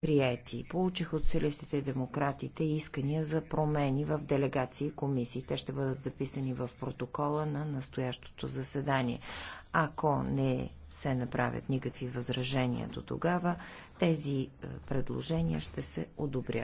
приети. Получих от социалистите и демократите искания за промени в делегации и комисии. Те ще бъдат записани в протокола на настоящото заседание. Ако не се направят никакви възражения до тогава, тези е, предложения ще се одобрят.